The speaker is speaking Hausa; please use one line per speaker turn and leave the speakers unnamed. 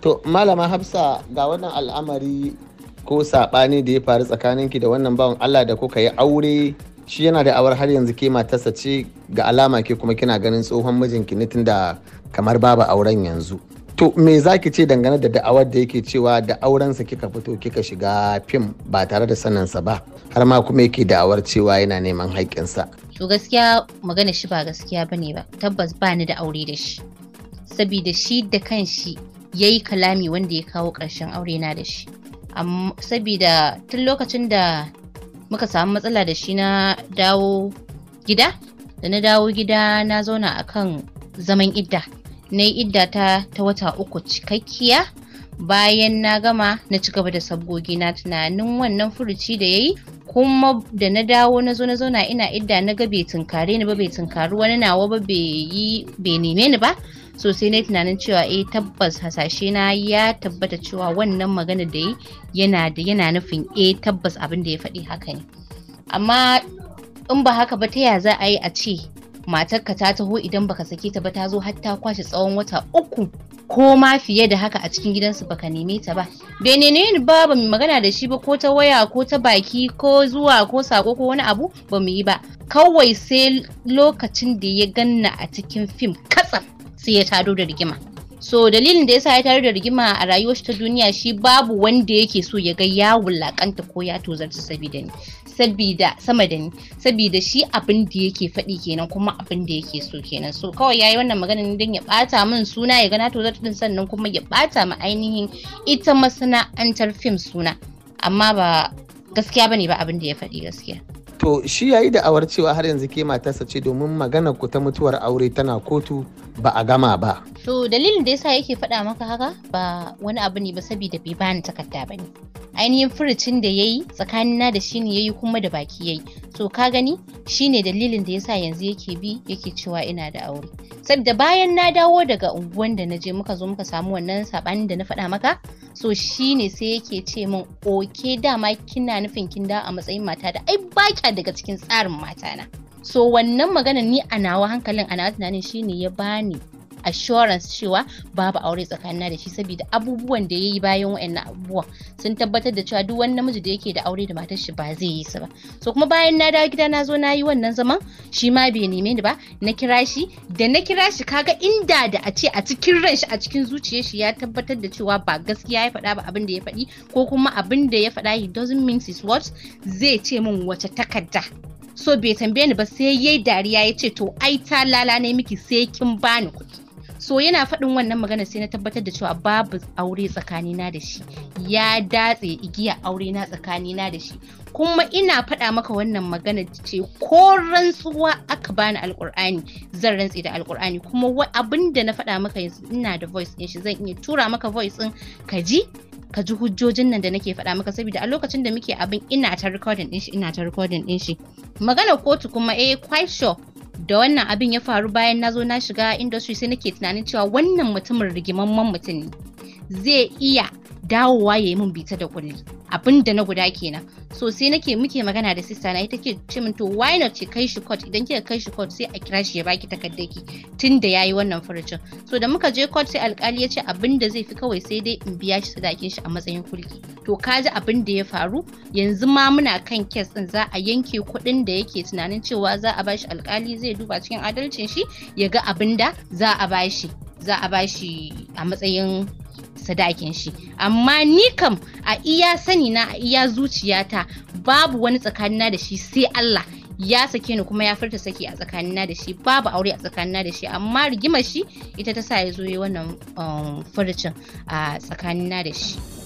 To malama Hafsa ga wannan al'amari ko saɓani da ya faru tsakanin ki da wannan bawan Allah da kuka yi aure shi yana da awar har yanzu ke matarsa ce ga alama ke kuma kina ganin tsohon mijinki ne tunda kamar babu auren yanzu. To me za ki ce dangane da da'awar da yake cewa da aurensa kika fito kika shiga fim ba tare da saninsa ba har ma kuma yake da'awar cewa yana neman haƙƙinsa.
To gaskiya magana shi ba gaskiya bane ba tabbas ba ni da aure da shi. Sabida shi da kanshi ya yi kalami wanda ya kawo ƙarshen aure na da shi saboda tun lokacin da muka samu matsala da shi na dawo gida da na dawo gida na zauna kan zaman idda na yi idda ta ta wata uku cikakkiya bayan na gama na ci gaba da sabgogi na tunanin wannan furuci da ya yi kuma da na dawo na zo na zauna ina idda na ga bai tunkare ni ba bai tunkari wani nawa ba bai neme ni ba Sosai sai na tunanin cewa eh tabbas hasashe na ya tabbata cewa wannan magana da yi yana da yana nufin eh tabbas abin da ya faɗi haka ne amma in ba haka ba ta ya za a yi a ce matarka ta taho idan baka sake ta ba ta zo har ta kwashe tsawon wata uku ko ma fiye da haka a cikin gidansu baka neme ta ba bai nene ni ba ba mu magana da shi ba ko ta waya ko ta baki ko zuwa ko sako ko wani abu ba mu yi ba kawai sai lokacin da ya ganna a cikin fim sai ya taro da rigima so dalilin da yasa ya taru da rigima a rayuwar ta duniya shi babu wanda yake so ya ga ya wulakanta ko ya tozarta sabida ni sabida sama da ni sabida shi abin da yake faɗi kenan kuma abin da yake so kenan so kawai yayi wannan magana ne don ya ɓata min suna ya ga na tozarta din sannan kuma ya ɓata ma ainihin ita masana'antar fim suna amma ba gaskiya bane ba abin da ya faɗi gaskiya
to shi yayi da awar cewa har yanzu ke matarsa ce domin maganar ku ta mutuwar aure tana kotu ba a gama ba
to dalilin da yasa yake faɗa maka haka ba wani abu ne ba saboda bai bani takarda ne. ainihin furucin da ya yi na da shi ne ya yi kuma da baki ya yi so ka gani shi ne dalilin da yasa yanzu yake bi yake cewa ina da aure saboda bayan na dawo daga unguwan da na je muka zo muka samu wannan sabanin da na faɗa maka so shi ne sai yake ce min oke dama kina nufin kin dawo a matsayin mata da ai baki daga cikin tsarin mata na so wannan magana ni a nawa hankalin a nawa tunanin shine ya bani assurance cewa babu aure tsakanina da shi saboda abubuwan da yayi bayan wayannan abubuwan sun tabbatar da cewa duk wani namiji da yake da aure da matar shi ba zai yi su ba so kuma bayan na dawo gida na zo na yi wannan zaman shi ma bai neme ni ba na kira shi da na kira shi kaga inda da a ce a cikin ran shi a cikin zuciyar shi ya tabbatar da cewa ba gaskiya ya faɗa ba abin da ya faɗi ko kuma abin da ya faɗa he doesn't mean his words zai ce min wace takarda so bai tambaye ni ba sai yayi dariya ya ce to ai ta lala ne miki sai kin bani kuɗi so yana faɗin wannan magana sai na tabbatar da cewa babu aure tsakanina da shi ya datse igiya aure na tsakanina da shi kuma ina faɗa maka wannan magana ce ko rantsuwa aka bani alkur'ani zan rantse da alkur'ani kuma abin da na faɗa maka yanzu ina da voice ɗin shi zan iya tura maka voice in ka ji ka ji hujjojin nan da nake faɗa maka saboda a lokacin da muke abin ina ta recording ɗin shi ina ta recording ɗin shi magana kotu kuma eh quite sure da wannan abin ya faru bayan na zo na shiga industry sai nake tunanin cewa wannan mutumin rigimamman mutum ne zai iya dawowa ya yi min bita da kulli abin da na guda kenan so sai nake muke magana da sista na ita ke ce min to why not ki kai shi court idan kika kai shi court sai a kira shi ya baki takardar ki tun da yayi wannan furucin so da muka je court sai alkali ya ce abin da zai fi kawai sai dai in biya shi sadakin shi a matsayin kulki to ka ji abin da ya faru yanzu ma muna kan kes din za a yanke kuɗin da yake tunanin cewa za a bashi alkali zai duba cikin adalcin shi ya ga abin da za a bashi za a ba shi a matsayin sadakin shi amma ni kam a iya sani na a iya zuciyata babu wani tsakanina da shi sai Allah ya sake ni kuma ya furta saki a tsakanina da shi babu aure a tsakanina da shi amma rigimar shi ita ta sa ya zo yi wannan um, furcin a tsakanina da shi